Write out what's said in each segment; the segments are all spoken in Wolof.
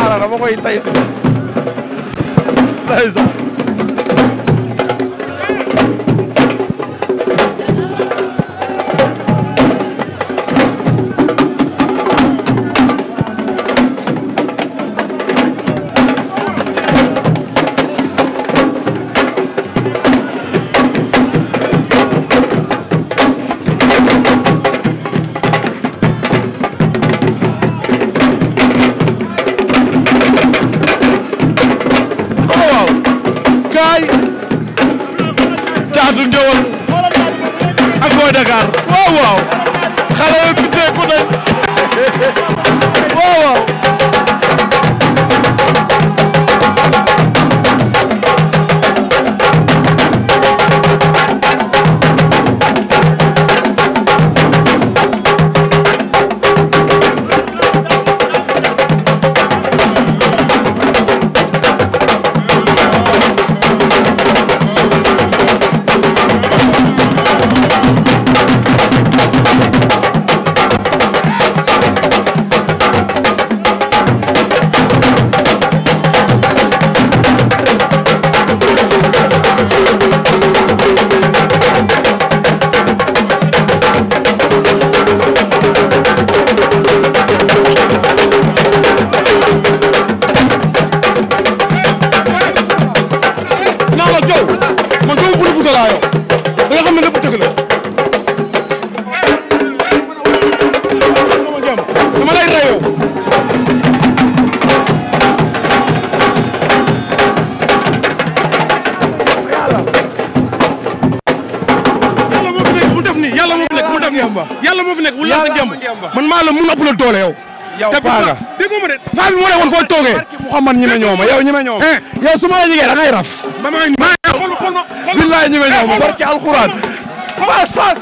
xaaral dama koy tay si ndeysaan Modou Ngéwal ak Boy Dakar waaw waaw xale yi ku tey ku nekk waaw waaw dëgg la dama lay reyoo yàlla moo fi nekk mu def nii yàlla moo fi nekk nekk mu laal sa jàmm man maa la mun a ëppalal doole yow yow paa moo lay foo toogee Mouhamad ñi ma ñoo ma yow ñi ma ñoo ma yow su raf billaay ñi ma alxuraan face face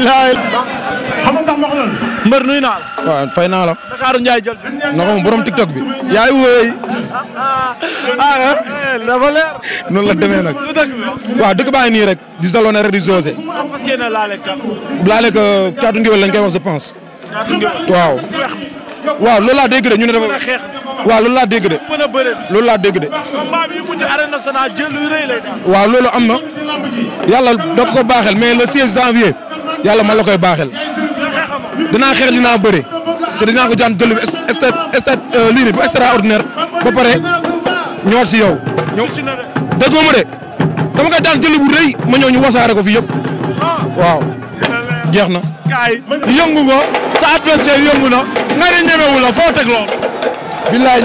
ilaha illallah. xam nga tax ma wax loolu. mbër nuyu naa la. waaw fay naa la. Dakar Ndiaye jël. na ko borom TikTok bi. yaay wooy. ah, ah. Eh, dafa leer. noonu la demee nag. lu dëkk bi. waaw dëkk baa ngi nii rek. di salone rek di sosé. fas yéene laale kan. laale ko euh, caatu ngéwél lañ koy wax je pense. caatu ngéwél waaw. waaw loolu laa dégg de ñu ne dafa. waaw loolu laa dégg de. loolu laa dégg de. combat bi mujj arène nationale jël lu rëy lay waaw loolu am na. yàlla da ko baaxel mais le 16 janvier. yàlla man la koy baaxel dinaa xeex dinaa bëre te dinaa ko jaan jël bi euh, lii bu ba pare ñëwaat si yow. ñëw déggoo ma de dama koy daan jël bu rëy ma ñëw ñu wasaare ko fi yëpp waaw jeex na. yëngu nga sa adversaire yëngu na nga ne ñemewu la foo teg lool. billaay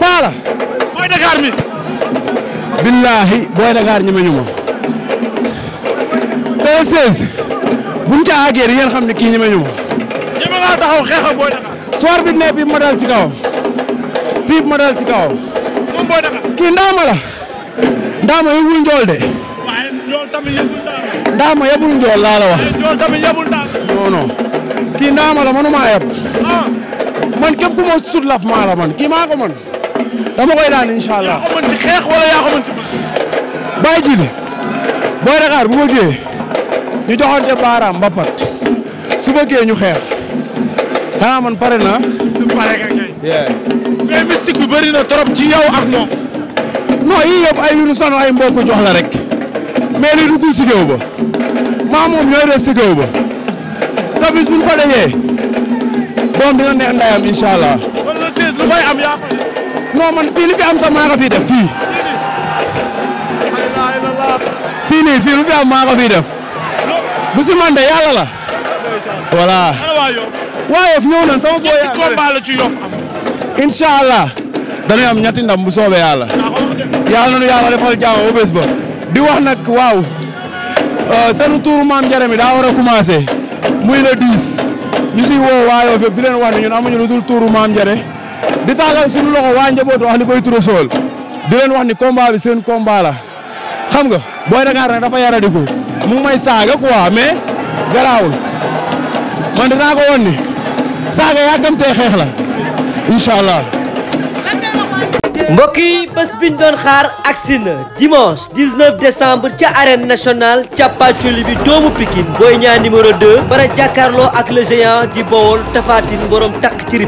paala. booy booy Dakar ñeme ñu tey seize buñ ca àggee di ngeen xam ne kii ñeme ñu ma. ñeme nga taxaw xeex ak Boy Dakar. soir bi ma dal si kawam bii ma dal si kawam. moom Boy la de. waaye njool tamit yëgul laa la wax. njool kii ndaama la mënumaa yëpp. Ah. man képp ku ma laf maa la man kii maa ko man dama koy daan incha allah. yaa ko mën ci xeex wala ñu joxante baaraam mbapat su bëggee ñu xeex xanaa man pare na pare nga kay bi bëri na trop ci yow ak moom non yii yëpp ay yunu sanu ay mbokk jox rek mais li dugul si géew ba maa moom ñooy des si géew ba te bis bu ñu fa dajee doom neex ndayam incha allah. man fii li fi am sax maa ko fiy def fii. fii fii lu fi am maa ko fiy def. bu si man de yàlla la. voilà. waaye na sama booy. ñetti combat la ci Yoff am. am ñetti ndam bu soobee yàlla. yàlla na nu yàlla defal jàmm ba bés di wax nag waaw euh, seen tuuru maam Njarami daa war a commencé. muy le 10 ñu si woo waa di leen wax ne na amuñu lu dul tuuru maam Njare di tàllal suñu loxo waa njabootu wax li koy turu sool di leen wax ni combat bi seen combat xam nga Boy Dakar nag dafa yaradiku mu may saaga quoi mais garaawul man dinaa ko woon ni saaga yàkkamtee xeex la incha allah. mbokk yi bés biñ doon xaar agsi na dimanche 19 décembre ca arène nationale càppaacoli bi doomu Pikine Boy Niang numéro 2 bara jàkkaarloo ak le di Bawol Tapha Tine takk ci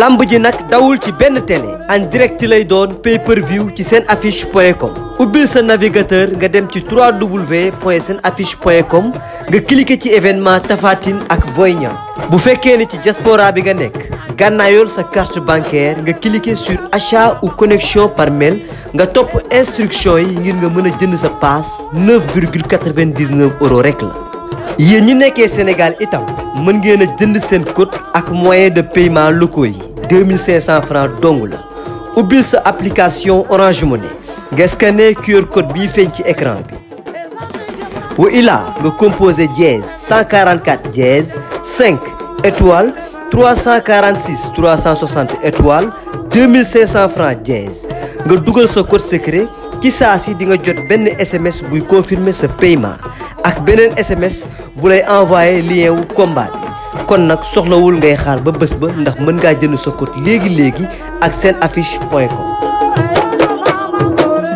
lamb ji nag dawul ci benn télé en direct lay doon pay per view ci seen affiche point com ubbil sa navigateur nga dem ci seen www.senaffiche.com nga cliqué ci événement Tapha ak Boy Niang bu fekkee ni ci diaspora bi nga nekk gànnaayoon sa carte bancaire nga cliqué sur achat ou connexion par nga topp instruction yi ngir nga mën a jënd sa paas 9,99 euros rek la yéen ñi nekkee Sénégal itam mën ngeen a jënd seen code ak moyen de paiement locaux yi 2500 francs dong la ubbil sa application Orange Money nga scanné QR code bii feeñ ci écran bi wa ilaa nga composé dièse 144 dièse 5 étoile 346 360 étoile 2500 francs dièse nga dugal sa code secret ci saa si di nga jot benn SMS buy confirmer sa paiement ak beneen SMS bu lay envoyé lien wu combat bi kon nag soxlawul ngay xaar ba bés ba ndax mën ngaa jënd sa léegi léegi ak seen affiche point